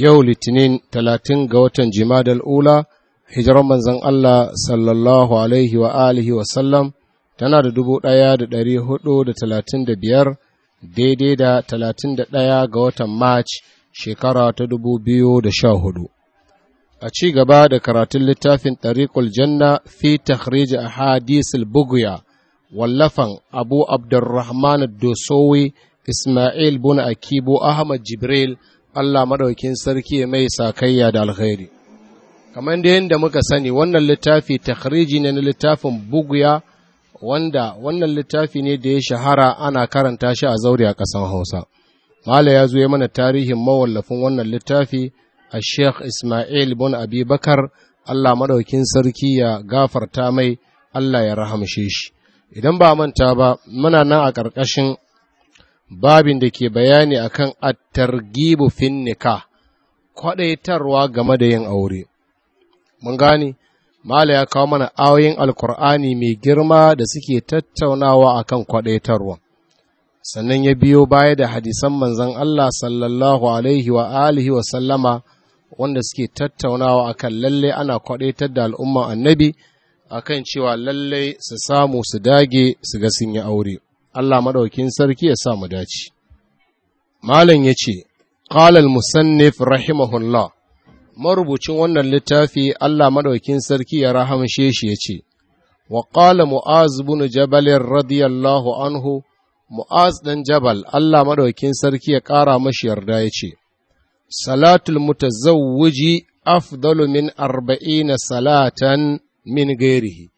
yau litinin talatin ga watan jimadal ula hijiran manzan Allah sallallahu alaihi wa alihi sallam tana da dubu ɗaya da ɗari hudu da talatin da biyar daidai da talatin da ɗaya ga watan march shekara ta dubu biyu da sha hudu a ci gaba da karatun littafin ɗariƙul janna fi a hadisul buguya wallafan abu abdurrahman dosowi ismail bun akibu ahmad jibril Allah maɗaukin sarki mai sakayya da alkhairi kamar da yadda muka sani wannan littafi takhriji ne na littafin buguya wanda wannan littafi ne da ya shahara ana karanta shi a zaure a ƙasar hausa mala ya zo ya mana tarihin mawallafin wannan littafi a sheikh ismail bin abi bakar allah maɗaukin sarki ya gafarta mai allah ya rahamshe shi idan ba manta ba muna nan a ƙarƙashin babin da ke bayani akan at-targhibu fin nikah kwadaitarwa game da yin aure mun gane mala ya kawo mana ayoyin alkur'ani mai girma da suke tattaunawa akan kwadaitarwa sannan ya biyo baya da hadisan manzon Allah sallallahu alaihi wa alihi wa sallama wanda suke tattaunawa akan lalle ana kwadaitar da al'umma annabi akan cewa lalle su samu su dage su ga sun yi aure Allah maɗaukin sarki ya sa mu dace. Malam ya ce, Ƙalal musannif rahimahullah, marubucin wannan littafi Allah maɗaukin sarki ya rahamshe shi ya ce, Wa ƙala Mu'az bin Jabalin radiyallahu anhu, Mu'az ɗan Jabal, Allah maɗaukin sarki ya ƙara mashi yarda ya ce, Salatul mutazawwiji afdalu min arba'ina salatan min gairihi.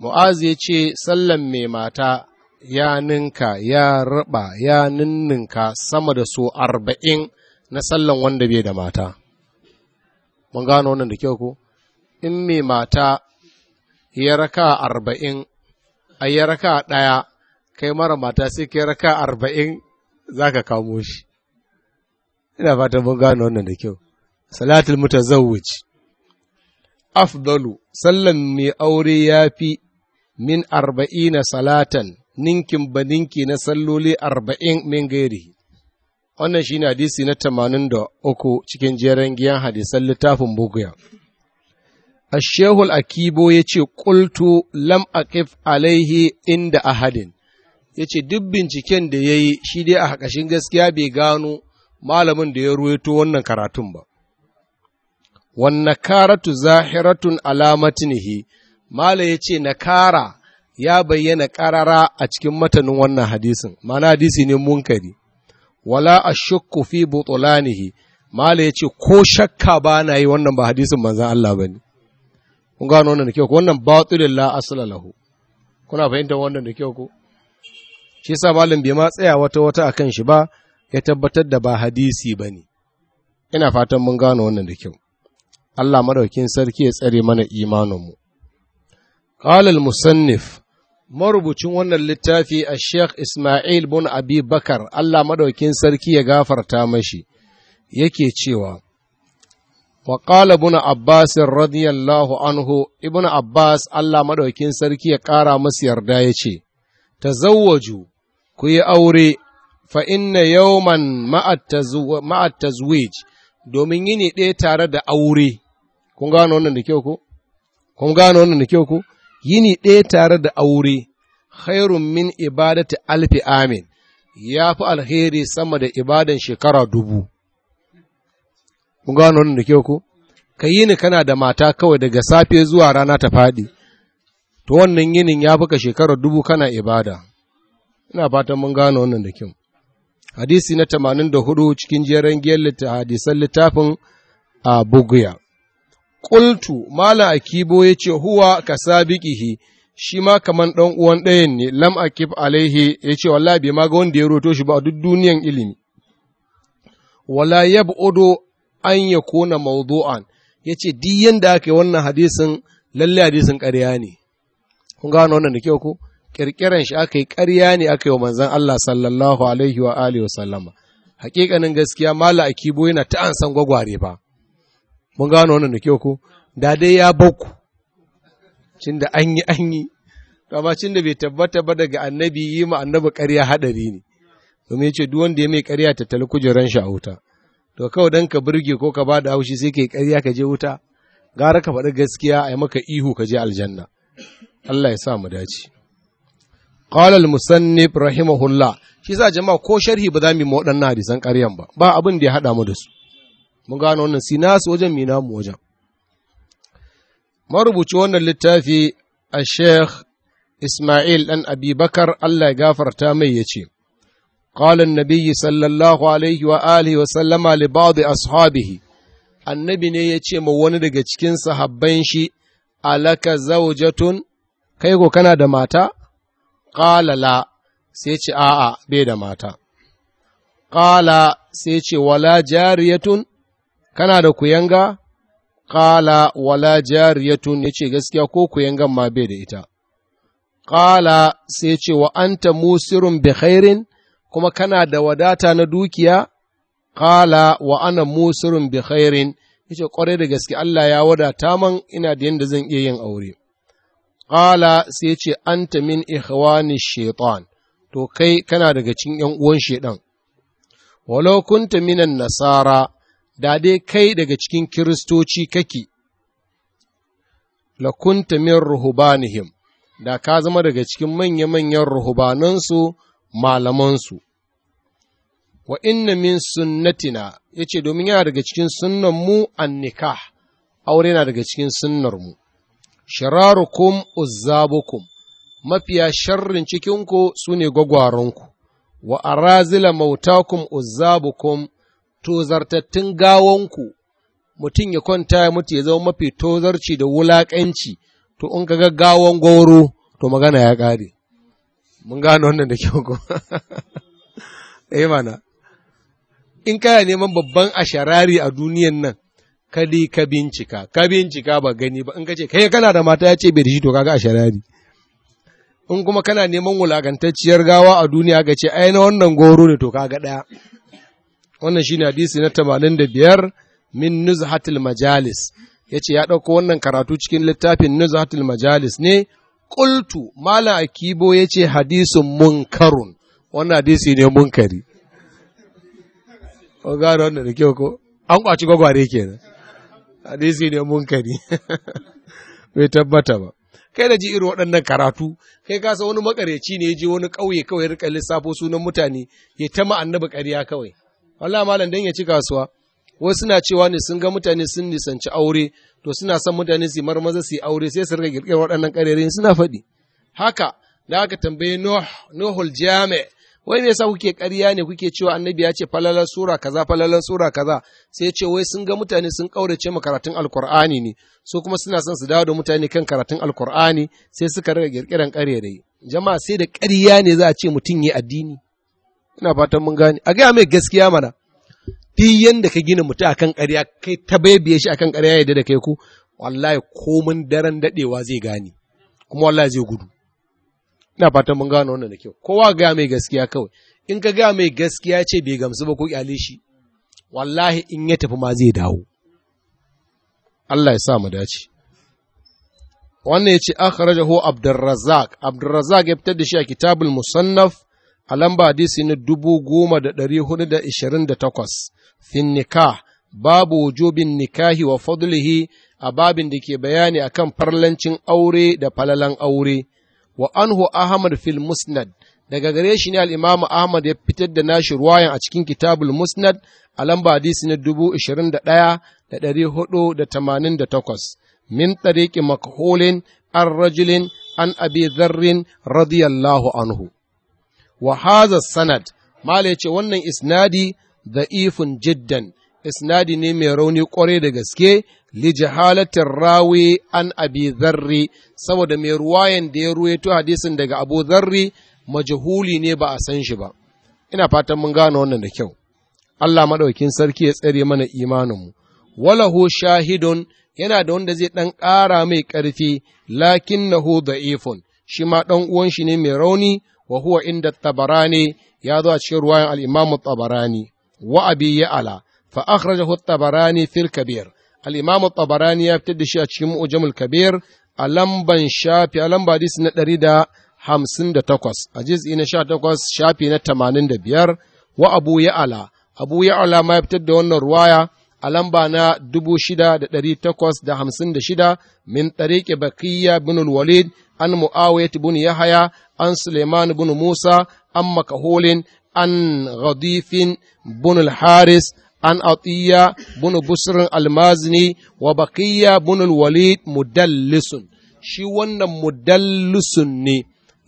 Mu'az ya ce, Sallan mai mata ya ninka ya raba ya ninninka sama da so arba'in na sallan wanda bai da mata mun gano wannan da kyau ko in mai mata ya raka arba'in a ya raka ɗaya kai mara mata sai ka raka arba'in za ka kamo shi ina fatan mun gano wannan da kyau salatul mutazawwij afdalu sallan mai aure ya fi min arba'ina salatan ninkin ba ninki na salloli arba'in min gairi wannan shi ne hadisi na tamanin da uku cikin jeren giyan hadisan littafin buguya ashehul akibo ya ce ƙultu lam aqif alaihi inda ahadin ya ce duk binciken da ya yi shi dai a haƙashin gaskiya bai gano malamin da ya ruwaito wannan karatun ba wannan karatu zahiratun alamatinihi mala ya ce kara. ya bayyana ƙarara a cikin matanin wannan hadisin mana hadisi ne munkari wala ashukku fi butulanihi mala yace ko shakka ba na yi wannan ba hadisin manzon Allah bane kun gano wannan da kyau ko wannan batulil la asla lahu kuna fahimtar wannan da kyau ko shi yasa malam bai ma tsaya wata wata akan shi ba ya tabbatar da ba hadisi bane ina fatan mun gano wannan da kyau Allah madaukin sarki ya tsare mana imaninmu. Ƙalal musannif marubucin wannan littafi a Sheikh Ismail bin Abi Bakar, Allah maɗaukin sarki ya gafarta mashi, yake cewa, Waƙala buna Abbas radiyallahu anhu, Ibn Abbas Allah maɗaukin sarki ya ƙara masu yarda ya ce, Tazawwaju, ku yi aure, fa inna yawman ma'at tazwij, domin yini ɗaya tare da aure, kun gano wannan da kyau ko? Kun gano wannan da kyau ko? yini ɗaya tare da aure, khairun min ibadati alfi amin, ya fi alheri sama da ibadan shekara dubu. Mun gano wannan da kyau ko? Ka yini kana da mata kawai daga safe zuwa rana ta faɗi, to wannan yinin ya fi ka shekara dubu kana ibada. Ina fatan mun gano wannan da kyau. Hadisi na tamanin da hudu cikin jeren giyar hadisan littafin a Buguya. Ƙultu, Malam Akibo ya ce, Huwa ka sabiƙihi, shi ma kaman ɗan uwan ɗayan ne, lam kif alaihi ya ce, Wallah bai ma ga wanda ya roto shi ba duk duniyan ilimi. Wala ya odo an ya kona mawdu'an, ya ce, Duk yanda aka yi wannan hadisin, lalle hadisin ƙarya ne. Kun gano wannan da kyau ko? Ƙirƙiran shi aka yi ƙarya ne aka yi wa manzan Allah sallallahu alaihi wa alihi wa sallama. Hakikanin gaskiya Malam Akibo yana ta an san gwagware ba. mun gano wannan da kyau ko da dai ya bauku cin da an yi an yi amma cin da bai tabbata ba daga annabi yi ma annabi ƙarya haɗari ne domin ya ce duk wanda ya mai ƙarya tali kujeran shi a wuta to kawai dan ka burge ko ka bada haushi sai kai ƙarya ka je wuta gara ka faɗi gaskiya a yi maka ihu ka je aljanna Allah ya sa mu dace قال المصنف رحمه الله shi sa jama'a ko sharhi ba za mu yi waɗannan با ƙaryan ba ba abin da ya haɗa mu da su mun gano wannan si nasu wajen mi mu wajen marubuci wannan littafi a sheikh ismail ɗan abibakar allah ya gafarta mai ya ce قال النبي صلى الله عليه وآله وسلم ashabihi annabi ne ya ce ma wani daga cikin sahabban shi alaka zaujatun kai ko kana da mata Ƙalala. sai ce a'a bai da mata Ƙala. sai ce wala jariyatun kana da kuyanga ƙala wala jariyatun ya ce gaskiya ko kuyangan ma bai da ita ƙala sai ce wa anta musirun bi kuma kana da wadata na dukiya ƙala wa ana musirun bi khairin ya ce kwarai da gaske Allah ya wadata man ina da yadda zan iya yin aure ƙala sai ce anta min ikhwani shaitan to kai kana daga cikin ‘yan uwan shaidan walau kunta minan nasara da dai kai daga cikin kiristoci kake, lakunta min ruhubanihim, da ka zama daga cikin manya-manyan ruhubanansu malamansu. Wa inna min sunnatina, ya ce domin yana daga cikin sunnanmu an nikah, aure na daga cikin sunnarmu. Shirarukum uzzabukum, mafiya sharrin cikinku su ne gwagwaronku, wa arazila mautakum uzzabukum tozartattun gawanku, mutum ya kwanta ya mutu ya zama mafi tozarci da wulaƙanci, to in ka gawon goro, to magana ya ƙare. Mun gano wannan da kyau ko. Eh mana, in kana neman babban asharari a duniyan nan, kadi ka bincika, ka bincika ba gani ba, in ka ce, kai kana da mata ya ce bai da shi to kaga asharari. in kuma kana neman wulakantacciyar gawa a duniya ga ce ai na wannan goro ne to kaga ɗaya wannan shine hadisi na 85 min nuzhatil majalis yace ya ɗauko wannan karatu cikin littafin nuzhatil majalis ne qultu mala akibo yace hadisun munkarun wannan hadisi ne munkari o gano wannan da kyau an kwaci kenan hadisi ne munkari bai tabbata ba kai da ji irin waɗannan karatu kai ka sa wani makareci ne ya je wani ƙauye kawai rika lissafo sunan mutane ya ta annabi ƙarya kawai Allah malam dan ya ci kasuwa wasu suna cewa ne sun ga mutane sun nisanci aure to suna son mutane su mar maza su aure sai su rika girkir waɗannan ƙarerin suna faɗi haka da aka tambaye Nuhul jami'a, wai me yasa kuke ƙarya ne kuke cewa annabi ya ce falalan sura kaza falalan sura kaza sai ce wai sun ga mutane sun kaurace mu karatun alkur'ani ne so kuma suna son su dawo da mutane kan karatun alkur'ani sai suka rika girkiran ƙarerayi jama'a sai da ƙarya ne za a ce mutum yi addini ina fatan mun gane a gaya mai gaskiya mana duk yanda ka gina mutum akan ƙarya kai ta baibiye shi akan ƙarya ya da kai ku wallahi komin daren daɗewa zai gane kuma wallahi zai gudu ina fatan mun gane wannan da kyau kowa gaya mai gaskiya kawai in ka gaya mai gaskiya ce bai gamsu ba ko ƙyale shi wallahi in ya tafi ma zai dawo Allah ya sa mu dace wannan ya ce akhrajahu Abdurrazzaq Abdurrazzaq ya fitar da shi a Kitabul Musannaf a lamba hadisi na dubu goma da ɗari hudu da ishirin da takwas fin babu wujubin nikahi wa fadlihi a babin da ke bayani a kan farlancin aure da falalan aure wa anhu ahmad fil musnad daga gare shi ne al'imamu ahmad ya fitar da nashi ruwayan a cikin kitabul musnad a lamba hadisi na dubu ishirin da ɗaya da ɗari hudu da tamanin da takwas min tariki makholin an rajulin an abi zarrin radiyallahu anhu wa haza sanad mala yace wannan isnadi da'ifun jiddan isnadi ne mai rauni kwarai da gaske li jahalatin rawi an abi zarri saboda mai ruwayan da ya ruwaito hadisin daga abu zarri majahuli ne ba a san shi ba ina fatan mun gane wannan da kyau Allah maɗaukin sarki ya tsare mana imaninmu walahu shahidun yana da wanda zai ɗan ƙara mai ƙarfi lakin nahu da'ifun shi ma ɗan uwan shi ne mai rauni Wahuwa huwa inda tabarani ya zo a cikin ruwayan al-imamu tabarani wa abi fa akhrajahu tabarani fil kabir al-imamu ya fitar da shi a cikin mu'jamul kabir a lamban shafi a lamba hadisi na ɗari da hamsin da takwas a jiz'i na sha takwas shafi na tamanin da biyar wa abu ya'ala abu ya'ala ma ya fitar da wannan ruwaya a lamba na dubu shida da da da takwas hamsin ɗari shida, min ɗariƙe bakiya bin walid an mu'awiyat bin yahaya an suleiman bin musa an makaholin an ghadifin bin haris an atiya bin busrin almazini wa bakiya bin walid mudallisun shi wannan mudallisun ne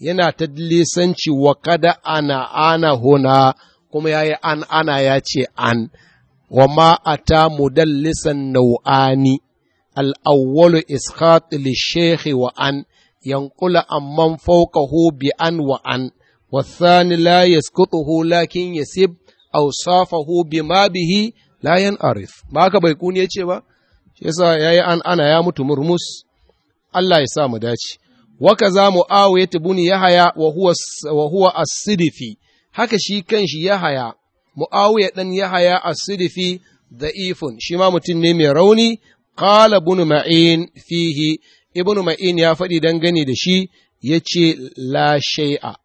yana ta lisanci wa kada ana ana hona kuma ya yi an ana ya ce an wa ma ata mudallisan nau'ani al'awwalu iskhat lishehi wa wa'an, yankula amma fawqahu bi an wa an والثاني لا يسقطه لكن يسب أوصافه بما به la yan arif ba haka bai kuni ya ce ba shi yasa an ana ya mutu murmus Allah ya sa mu dace waka za mu awiyat ibn yahya wa huwa wa huwa as-sidifi haka shi kanshi yahya Mu'awiya ɗan Yahaya as-Sidifi ifun. shi ma mutum ne mai rauni ƙala bunu ma'in fihi ibn ma'in ya faɗi dangane da shi Ya ce la shai'a.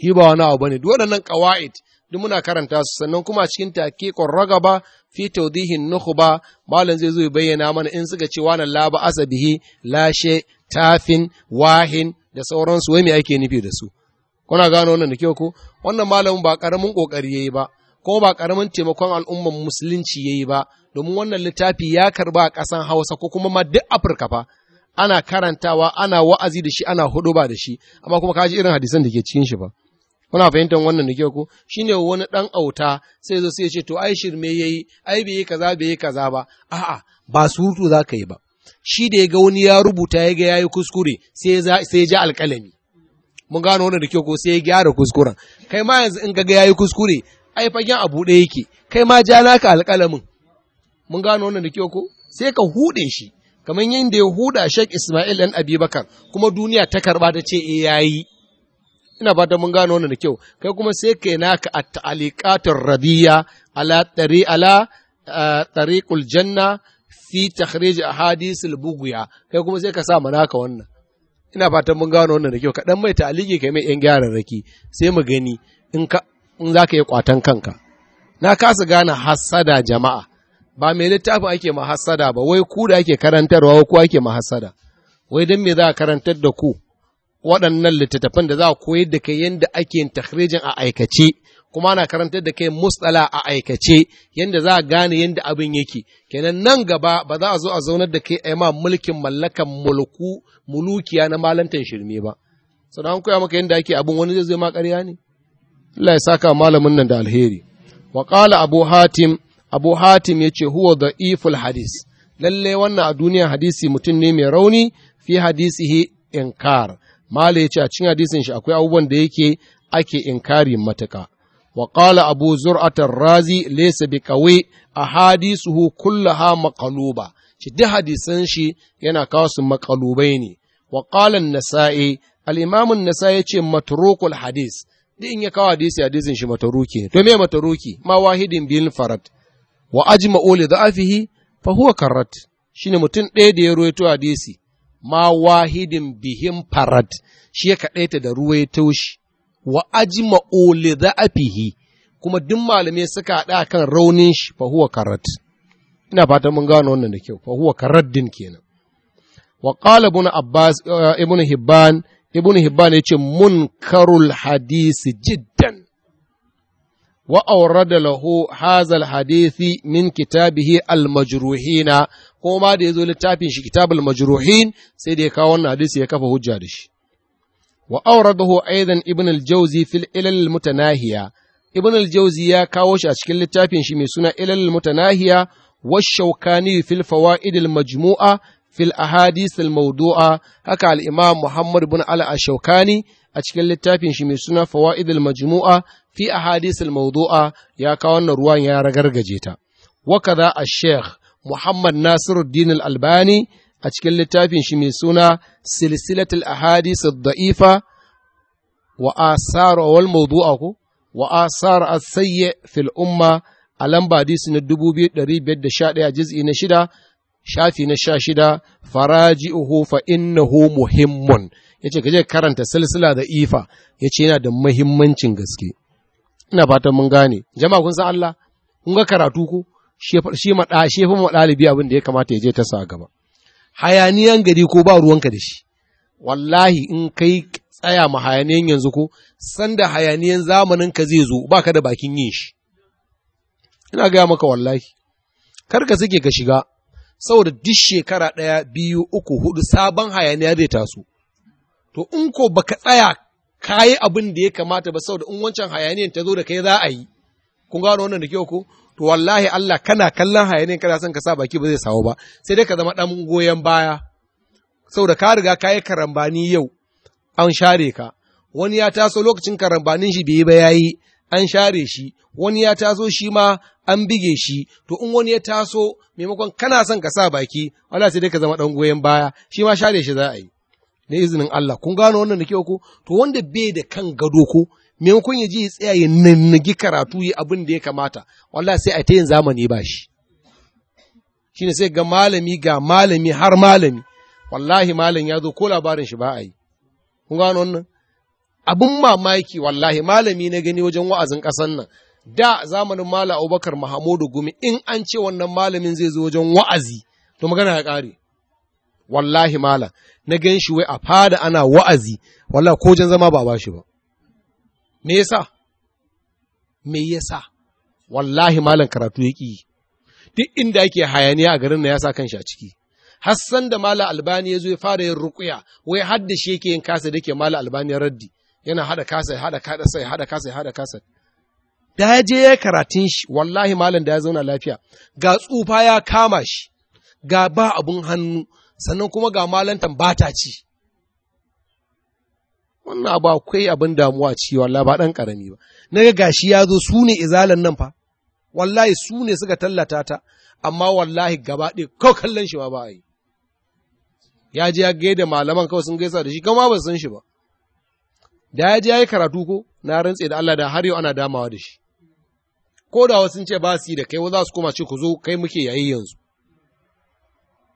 shi ba wani abu ne. Dole nan ƙawa'id duk muna karanta su sannan kuma cikin cikin raga ba fi nuhu ba. malam zai zo bayyana mana in suka ce wannan laba, asabihi lashe, tafin wahin da sauransu wai me ake nufi da su kuna gano wannan da kyau ko wannan malamin ba karamin kokari yayi ba ko ba karamin taimakon al'ummar musulunci yayi ba domin wannan littafi ya karba a ƙasan Hausa ko kuma ma duk Afirka fa ana karantawa ana wa'azi da shi ana hudu ba da shi amma kuma kaji irin hadisan da ke cikin shi ba kuna fahimtar wannan da kyau ko shine wani dan auta sai zo sai ya ce to ai shirme yayi ai bai yi kaza bai yi kaza ba a'a ba surutu zaka yi ba shi da ya ga wani ya rubuta ya ga yayi kuskure sai ya sai ji alƙalami mun gano wannan da kyau ko sai ya gyara kuskuren kai ma yanzu in ya yayi kuskure ai fagen abu ɗaya yake kai ma ja naka alƙalamin mun gano wannan da kyau ko sai ka huɗe shi kamar yadda ya huda Sheikh Ismail ɗan Abubakar kuma duniya ta karba ta ce eh yayi ina ba mun gano wannan da kyau kai kuma sai kai naka at taalikatar rabiya ala tari ala tariqul janna fi a hadisul bughya kai kuma sai ka sa manaka wannan ina fatan mun gano wannan da kyau ka dan mai ta'aliki kai mai yan raki sai mu gani in ka in zaka yi kwatan kanka na kasa gane hassada jama'a ba mai littafin ake ma hasada ba wai ku da ake karantarwa ko ake ma hasada wai dan me za a karantar da ku waɗannan littattafan da za a koyar da kai yanda ake yin a aikace kuma ana karantar da kai mustala a aikace yadda za a gane yadda abin yake kenan nan gaba ba za a zo a zaunar da kai a ma mulkin mallakan mulku mulukiya na malantan shirme ba sannan an koya maka yadda ake abin wani zai zai ma ƙarya ne Allah ya saka malamin nan da alheri wa qala abu hatim abu hatim yace huwa da'iful hadis lalle wannan a duniya hadisi mutum ne mai rauni fi hadisihi inkar mala yace a cikin hadisin shi akwai abubuwan da yake ake inkari matuka وقال أبو زرعة الرازي ليس بقوي أحاديثه كلها مقلوبة شدي حديثاً شي ينا كاس مقلوبين وقال النسائي الإمام النسائي شي متروك الحديث دي إن يكاو حديثي حديث شي متروكي تومي متروكي ما واحد بين فرد وأجمع أولي ضعفه فهو كرت شي نمتن ɗaya da ya حديثي ما واحد wahidin فرد شي shi ya kaɗaita da wa ajima ole afihi. kuma duk malamai suka haɗa kan raunin shi fahuwa karat ina fatan mun gano wannan da kyau fa karat karaddin kenan wa qala ibn abbas eh, ibn hibban ibn hibban yace munkarul hadisi jiddan wa awrada lahu hadha al hadisi min kitabihi al majruhina ko ma da yazo littafin shi kitabul majruhin sai da ya kawo wannan hadisi ya kafa hujja da shi wa auradahu aidan ibn al-jawzi fil ilal mutanahiya ibn al ya kawo shi a cikin littafin shi mai suna ilal mutanahiya wa shaukani fil fawaid al-majmu'a fil ahadith al haka al-imam muhammad ibn ala shaukani a cikin littafin shi mai suna fawaid al-majmu'a fi ahadith al ya kawo wannan ruwan yara ragargaje ta wa kaza al-sheikh muhammad nasiruddin albani a cikin littafin shi mai suna silsilatul ahadith ad-da'ifa wa asar wal mawdu'a ko wa asar as-sayyi al umma a lamba hadisi na 2511 juz'i na shida shafi na sha faraji'uhu fa innahu muhimmun yace kaje karanta silsila da ifa yace yana da muhimmancin gaske ina fatan mun gane jama'a kun san Allah kun ga karatu ko shi ma shi fa dalibi abin da ya kamata ya je ta sa gaba hayaniyan gari ko ba ruwanka da shi wallahi in kai tsaya ma hayaniyan yanzu ko sanda hayaniyan zamanin ka zai zo baka da bakin yin shi ina gaya maka wallahi kar ka suke ka shiga saboda duk shekara ɗaya biyu uku hudu sabon hayaniya zai taso to in ko baka tsaya kayi abin da ya kamata ba saboda in wancan hayaniyan ta zo da kai za a yi kun gano wannan da kyau ko to wallahi Allah kana kallon hayanin kana son ka sa baki ba zai sawo ba sai dai ka zama ɗan goyon baya saboda ka riga ka yi karambani yau an share ka wani ya taso lokacin karambanin shi bai ba yayi an share shi wani ya taso shi ma an bige shi to in wani ya taso maimakon kana son ka sa baki wala sai dai ka zama dan goyon baya shi ma share shi za a yi da izinin Allah kun gano wannan da kyau ko to wanda bai da kan gado ko maimakon ya ji ya tsaya ya nannagi karatu yi abin da ya kamata wallah sai a ta yin zamani ba shi shine sai ga malami ga malami har malami wallahi malam ya zo ko labarin shi ba a yi kun gano wannan abin mamaki wallahi malami na gani wajen wa'azin ƙasan nan da zamanin Malam Abubakar Mahamudu Gumi in an ce wannan malamin zai zo wajen wa'azi to magana ya ƙare wallahi malam na gan shi wai a fada ana wa'azi wallahi ko jan zama ba ba shi ba me yasa me yasa wallahi malam karatu ya yake yi duk inda yake hayaniya a garin na ya sa kanshi a ciki hassan da mala albani ya zo ya fara yin rukuya wai har shi yake yin kasa da ke mala albani raddi yana hada kasa ya hada kasa ya hada kasa ya hada kasa da ya je ya karatun shi wallahi malam da ya zauna lafiya ga tsufa ya kama shi ga ba abun hannu sannan kuma ga malantan ta ci wannan abu akwai abin damuwa cewa wallahi ba dan karami ba naga gashi yazo zo su ne izalan nan fa wallahi su ne suka tallata ta amma wallahi gaba ɗaya ko kallon shi ma ba yi ya je ya gaida malaman kawai sun gaisa da shi kuma ba san shi ba da ya je ya yi karatu ko na rantse da Allah da har yau ana damawa da shi ko da wasu ce ba su yi da kai wa za su koma ce ku zo kai muke yayi yanzu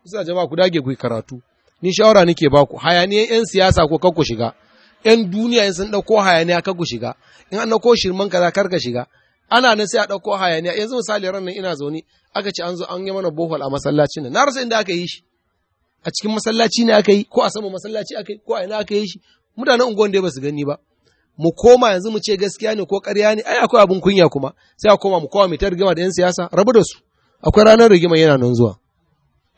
isa jama'a ku dage ku yi karatu ni shawara nake baku. hayaniyan yan siyasa ko kan ku shiga ‘yan duniya in sun ɗauko hayaniya kar ku shiga, in an ɗauko shirman kaza kar ka shiga, ana nan sai a ɗauko hayaniya, yanzu misali ran nan ina zaune aka ce an zo an yi mana bohol a masallacin nan, na rasa inda aka yi shi, a cikin masallaci ne aka yi, ko a sama masallaci aka yi, ko a ina aka yi shi, mutanen unguwan dai ba su gani ba. Mu koma yanzu mu ce gaskiya ne ko ƙarya ne, ai akwai abin kunya kuma, sai a koma mu koma mai ta rigima da ‘yan siyasa, rabu da su, akwai ranar rigima yana nan zuwa.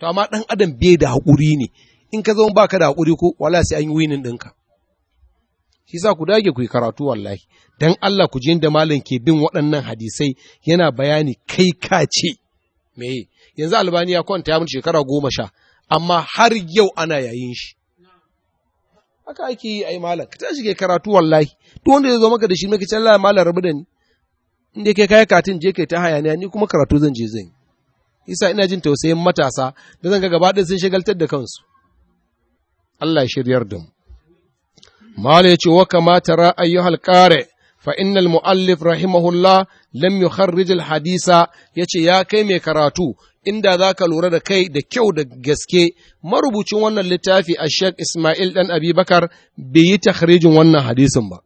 To amma ɗan adam bai da haƙuri ne, in ka zama baka da haƙuri ko wala sai an yi winin ɗinka. yasa ku dage ku yi karatu wallahi, don Allah ku je da malam ke bin waɗannan hadisai yana bayani kai ka ce. Me yanzu albani ya kwanta ya shekara goma sha, amma har yau ana yayin shi. Haka ake yi a yi malam, ka tashi kai karatu wallahi, duk wanda ya zo maka da shi maka ce Allah malam rabu da ni. Inda kai kai katin je kai ta hayaniya ni kuma karatu zan je zan yi. Isa ina jin tausayin matasa da zan ga gaba sun shagaltar da kansu. Allah ya shiryar da mu. Mala ya ce, wa kamata ra'ayyuhal ƙare, fa innal mu'allif rahimahullah lam yukharrijil hadisa ya ce, ya kai mai karatu, inda za ka lura da kai da kyau da gaske, marubucin wannan littafi a Sheikh Ismail ɗan Abibakar bai yi takhrijin wannan hadisin ba.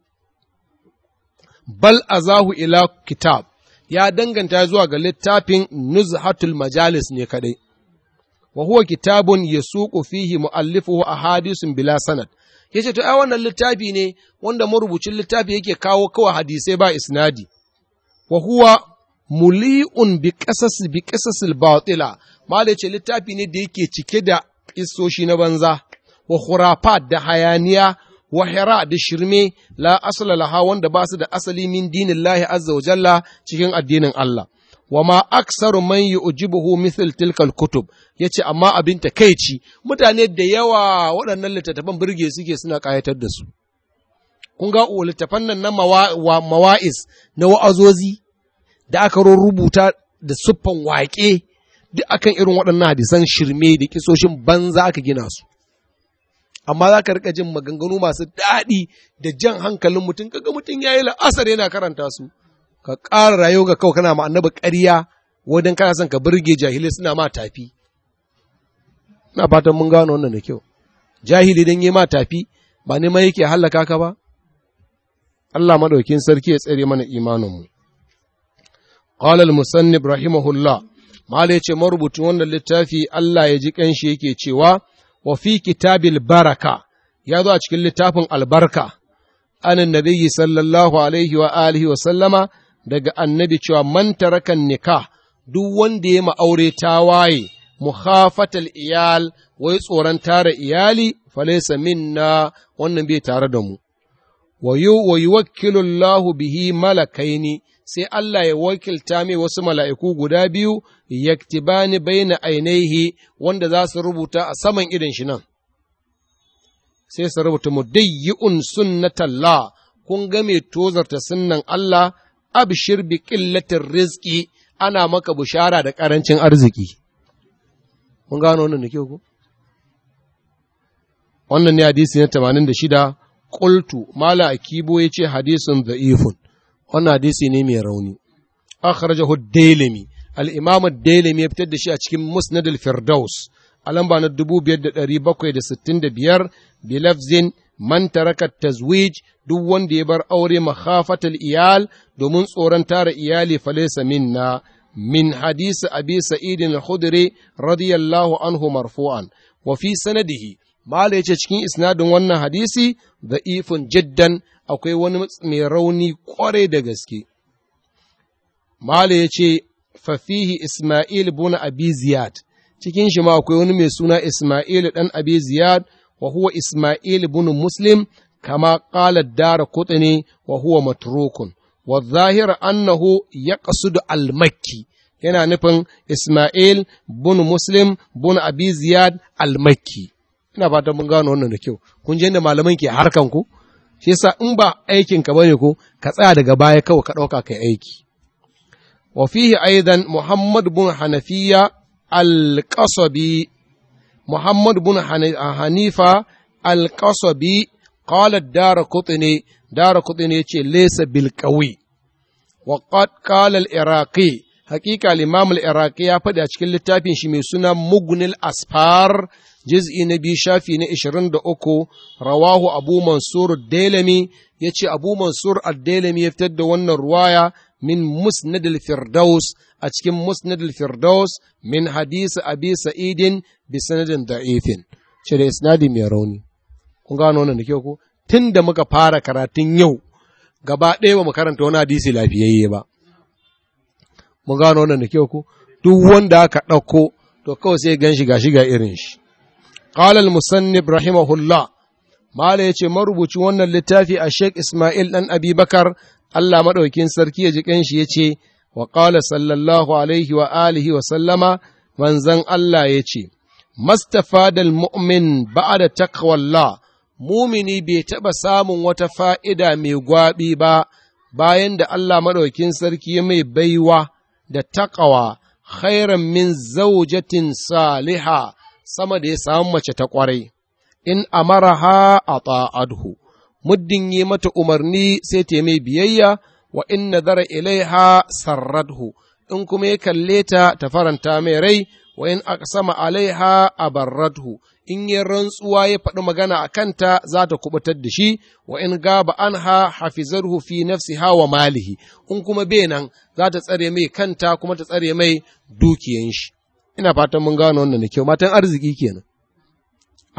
Bal azahu ila kitab, ya danganta zuwa ga littafin Nuzhatul Majalis ne kaɗai. wa huwa kitabun yasuqu fihi a ahadithun bila sanad ya ce, To, ai wannan littafi ne wanda marubucin littafi yake kawo kawai hadisai ba isnadi, wa huwa muli'un bi ƙasas bi ƙasas batila, da ce littafi ne da yake cike da ƙisoshi na banza, wa khurafat da hayaniya, wa hira da shirme la asala laha wanda ba su da asali min dinin azza wa jalla cikin addinin Allah. wa ma aksaru man yu'jibuhu mithl tilkal kutub yace amma abin ta takeici mutane da yawa waɗannan littattafan burge suke suna kayatar da su kun ga littattafan nan na mawa'is na wa'azozi da aka rubuta da siffan waƙe duk akan irin waɗannan hadisan shirme da kisoshin banza aka gina su amma za ka rika jin maganganu masu daɗi da jan hankalin mutum kaga mutum ya yi la'asar yana karanta su ka ƙara rayuwa ga kawai kana ma annabi ƙarya wajen kana son ka burge jahilai suna ma tafi ina fatan mun gano wannan da kyau jahili dan yi ma tafi ba neman yake hallaka ka ba Allah madaukin sarki ya tsare mana imaninmu qala al-musannib rahimahullah mala yace marubutu wannan littafi Allah ya ji kanshi yake cewa wa fi kitabil baraka ya zo a cikin littafin albarka anan nabiyyi sallallahu alaihi wa alihi wa sallama daga annabi cewa man tarakan nikah duk wanda ya ma'aure ta waye, muhafatal iyal wai tsoron tara iyali falaisa minna wannan bai tare da mu wa yuwakkilu Allahu bihi malakaini sai Allah ya wakilta mai wasu mala'iku guda biyu yaktibani baina ainihi wanda za su rubuta a saman idan shi nan sai su rubuta mu mudayyi'un sunnatallah kun ga mai tozarta sunnan Allah Abishir bi qillatir rizqi ana maka bushara da ƙarancin arziki kun gano wannan da kyau ku? wannan ne hadisi na shida, ƙultu mala akibo hadisun hadisin ifun, wannan hadisi ne mai rauni A kharaja dailimi al-imam ya fitar da shi a cikin musnad firdaus a lamba na 2765 biyar lafzin man taraka tazwij duk wanda ya bar aure makhafatal iyal domin tsoron tara iyali falaysa minna min hadisi abi sa'idin al-khudri radiyallahu anhu marfu'an wa fi sanadihi mala yace cikin isnadin wannan hadisi da jiddan akwai wani mai rauni kwarai da gaske mala yace fafihi isma'il buna abi ziyad cikin shi ma akwai wani mai suna isma'il dan abi ziyad wa huwa Ismail ibn Muslim kama ƙala dara kutni wa huwa matrukun wa zahir annahu yaqsudu al-makki yana nufin Ismail bin Muslim bin Abi Ziyad al ina fatan mun gano wannan da kyau kun je da malamai ke harkan ku shi yasa in ba aikinka ba ne ko ka tsaya daga baya kawai ka ɗauka ka yi aiki wa fihi aidan Muhammad bin Hanafiya al-Qasabi محمد بن حنيفة القصبي قال الدار قطني دار قطني ليس بالقوي وقد قال العراقي حقيقة الإمام العراقي يفد أشكال لتابين شميسونا مغن الأسفار جزء نبي شافي نشرن أكو رواه أبو منصور الديلمي يتي أبو منصور الديلمي يفتد ون الرواية من مسند الفردوس أتكم مسند الفردوس من حديث أبي سعيد bi sanadin da'ifin ce da isnadi mai rauni kun gano wannan da kyau ko tun da muka fara karatun yau gaba ɗaya ba mu karanta wani hadisi lafiyayye ba mun gano wannan da kyau ko duk wanda aka ɗauko to kawai sai gan shi gashi ga irin shi qala al-musannib rahimahullah mala yace marubuci wannan littafi a Sheikh Ismail dan Abi Bakar Allah madaukin sarki ya ji kan shi yace wa qala sallallahu alaihi wa alihi wa sallama manzon Allah yace mastafa dal mu'min da takwalla mumini bai taɓa samun wata fa'ida mai gwaɓi ba bayan da Allah maɗaukin sarki mai baiwa da taƙawa khairan min zaujatin saliha sama da ya samu mace ta ƙwarai, in amaraha a ta'adhu, muddin yi mata umarni sai ta mai biyayya wa in nazara ilaiha sarradhu, in kuma ya kalle ta ta faranta mai rai wa in aqsama alaiha abarrathu in ya rantsuwa ya faɗi magana a kanta za ta kubutar da shi wa in gaba anha hafizarhu fi nafsiha wa malihi in kuma be nan za ta tsare mai kanta kuma ta tsare mai dukiyan shi ina fatan mun gano wannan da kyau matan arziki kenan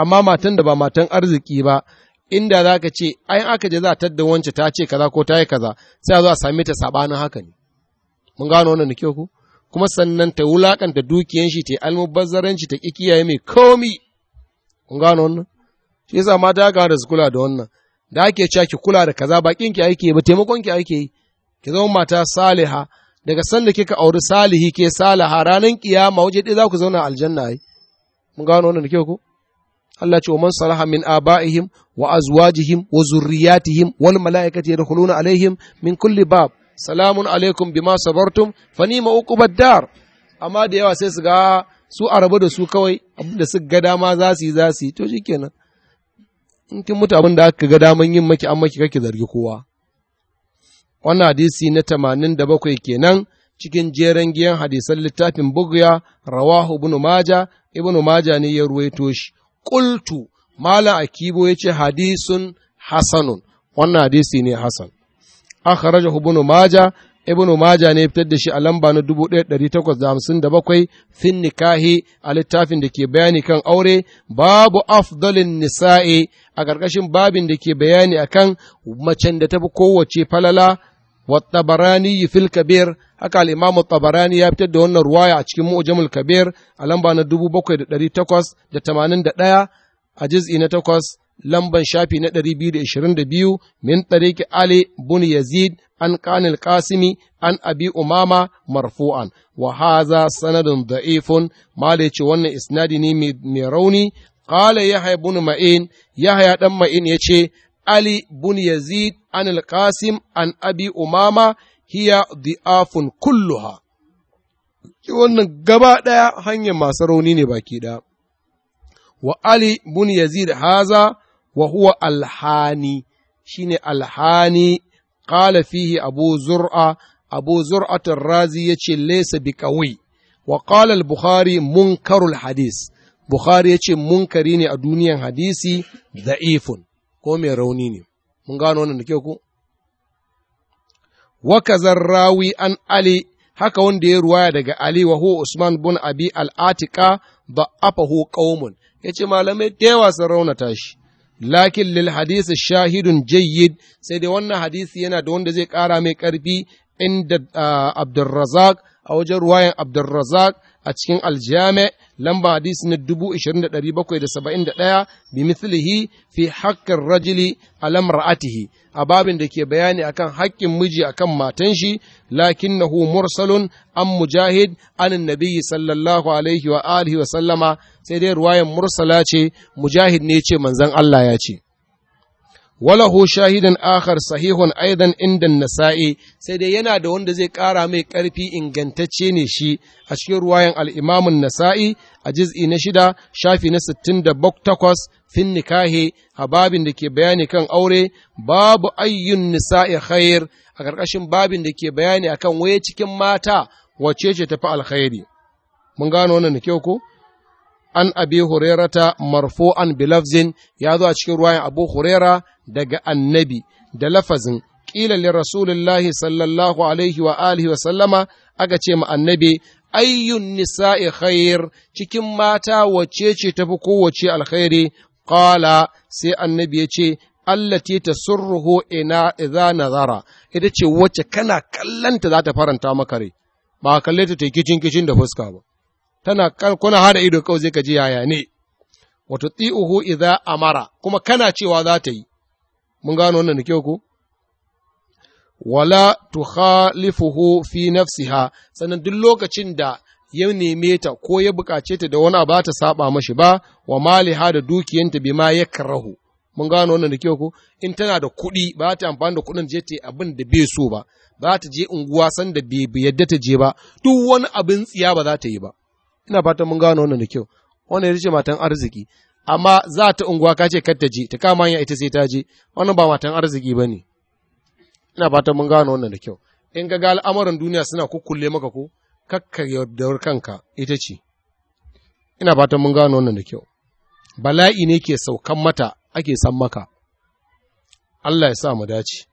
amma matan da ba matan arziki ba inda za ka ce ai aka je za ta da wance ta ce kaza ko ta yi kaza sai a zo a same ta sabanin haka ne mun gano wannan da kyau ku kuma sannan ta wulakanta dukiyan shi ta almubazzaranci ta ƙi kiyaye mai komi kun gano wannan shi yasa mata ga da su kula da wannan da ake cewa ki kula da kaza bakin ki aiki ba taimakon ki aiki ki zama mata saliha daga sanda kika auri salihi ke salaha ranar kiyama waje ɗaya za ku zauna aljanna ai mun gano wannan da kyau ko Allah ce wa man salaha min aba'ihim wa azwajihim wa zurriyatihim wal mala'ikati yadkhuluna alaihim min kulli bab salamun alaikum bima sabartum fa ma uqubad dar amma da yawa sai su ga su arabu da su kawai abinda su ga dama za su yi za su yi to shikenan in kin mutu abin da aka ga daman yin maki an maki kake zargi kowa wannan hadisi na tamanin da bakwai kenan cikin jeran giyan hadisan littafin buguya rawahu ibnu maja ibnu maja ne ya ruwaito shi Kultu malam akibo ce hadisun hasanun wannan hadisi ne hasan akhrajahu ibn majah ibn maja ne fitar da shi a lamba na 1857 fin nikahi a littafin da ke bayani kan aure babu afdalin nisa'i a ƙarƙashin babin da ke bayani akan macen da tafi kowace falala wa tabarani fil kabir haka al-imam tabarani ya fitar da wannan ruwaya a cikin mu'jamul kabir a lamba na ɗaya a juz'i na 8 lamban shafi na ɗari biyu da da biyu, min tariki Ali bin Yazid an kanil kasimi an abi umama marfu'an wa haza sanadun da'ifun male ce wannan isnadi ne mai rauni qala yahya bin ma'in yahya Ɗan ma'in yace Ali bin Yazid an al an abi umama hiya di'afun kulluha wannan gaba ɗaya hanyar masu rauni ne baki ɗaya wa Ali bin Yazid haza wa huwa alhani shine alhani qala fihi abu zur'a abu zur'atul razi yace laysa biqawi wa al-bukhari munkarul hadis bukhari yace munkari ne a duniyan hadisi za'ifun, ko mai rauni ne mun gano wannan da ke ku wa kazar rawi an ali haka wanda ya ruwaya daga ali wa huwa usman bin abi al-atika da afahu qaumun yace malamai da yawa sun raunata shi lakin lil hadisi shahidun jayyid sai dai wannan hadisi yana da wanda zai ƙara mai ƙarfi inda Abdulrazak a wajen ruwayan abdurrazak a cikin aljame lamba hadisi na dubu ishirin da ɗari bakwai da saba'in da ɗaya bi mithlihi fi haƙƙin rajili alam lamra'atihi a babin da ke bayani akan haƙƙin miji akan matan shi lakinnahu mursalun an mujahid an nabiyyi sallallahu alaihi wa alihi wa sallama sai dai ruwayan mursala ce mujahid ne ce manzan Allah ya ce walahu shahidan akhar sahihun aidan inda nasa'i sai dai yana da wanda zai ƙara mai karfi ingantacce ne shi a cikin ruwayan al'imamun nasa'i a jiz'i na shida shafi na sittin da takwas fin nikahi a babin da ke bayani kan aure babu ayyun nisa'i khair a ƙarƙashin babin da ke bayani akan waye cikin mata wacce ce fi alkhairi mun gano wannan da kyau ko an abi hurairata marfu'an bilafzin ya zo a cikin ruwayan abu huraira daga annabi da lafazin ƙila li rasulillahi sallallahu alaihi wa alihi wa sallama aka ce ma annabi ayyun nisa'i khair cikin mata wace ce tafi kowace alkhairi qala sai annabi ya ce allati tasurruhu ina idza nazara ita ce wacce kana kallanta za ta faranta maka rai ba kalle ta kicin kicin da fuska ba tana kuna hada ido kawai zai ka yaya ne wato ti'uhu idza amara kuma kana cewa za ta yi mun gano wannan da kyau ko wala tukhalifuhu fi nafsiha sannan duk lokacin da ya neme ta ko ya bukace ta da wani ba ta saba mashi ba wa maliha da dukiyanta ma ya karahu mun gano wannan da kyau ko in tana da kuɗi ba ta amfani da kuɗin je ta abin da bai so ba za ta je unguwa san da bai yadda ta je ba duk wani abin tsiya ba za ta yi ba ina fatan mun gano wannan da kyau wannan ya ce matan arziki amma za ta unguwa ka ce kar ta je ta kama hanya ita sai ta je wannan ba matan arziki ba ne ina fatan mun gano wannan da kyau in ga al'amuran duniya suna kukkulle maka ko kakkar yardar kanka ita ce ina fatan mun gano wannan da kyau bala'i ne ke saukan mata ake san maka Allah ya sa mu dace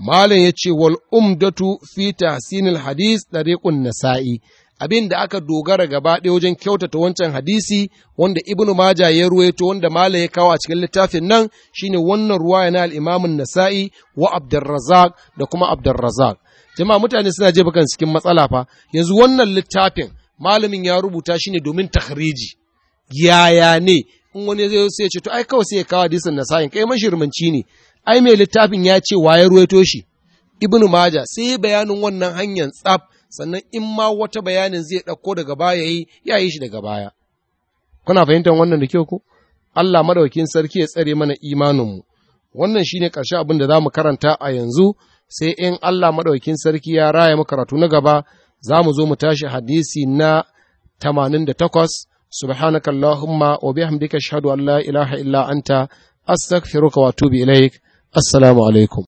malam ya ce wal umdatu fi tahsinil hadis dariqun nasa'i abin da aka dogara gaba ɗaya wajen kyautata wancan hadisi wanda ibnu maja ya ruwaito wanda mala ya kawo a cikin littafin nan shine wannan ruwa na al'imamin nasa'i wa abdurrazak da kuma abdurrazak jama'a mutane suna jefa kan cikin matsala fa yanzu wannan littafin malamin ya rubuta shine domin tahriji yaya ne in wani zai sai ya ce to ai kawai sai ya kawo hadisin nasa'in kai mashirmanci ne ai mai littafin ya ce wa ya ruwaito shi ibnu maja sai bayanin wannan hanyar tsaf sannan in ma wata bayanin zai ɗauko daga baya yi ya yi shi daga baya kuna fahimtar wannan da kyau ko Allah madaukin sarki ya tsare mana imaninmu wannan shi ne ƙarshe abin da za mu karanta a yanzu sai in Allah madaukin sarki ya raya mu karatu na gaba za mu zo mu tashi hadisi na 88 da allahumma wa bihamdika ashhadu an ilaha illa anta astaghfiruka wa ilaik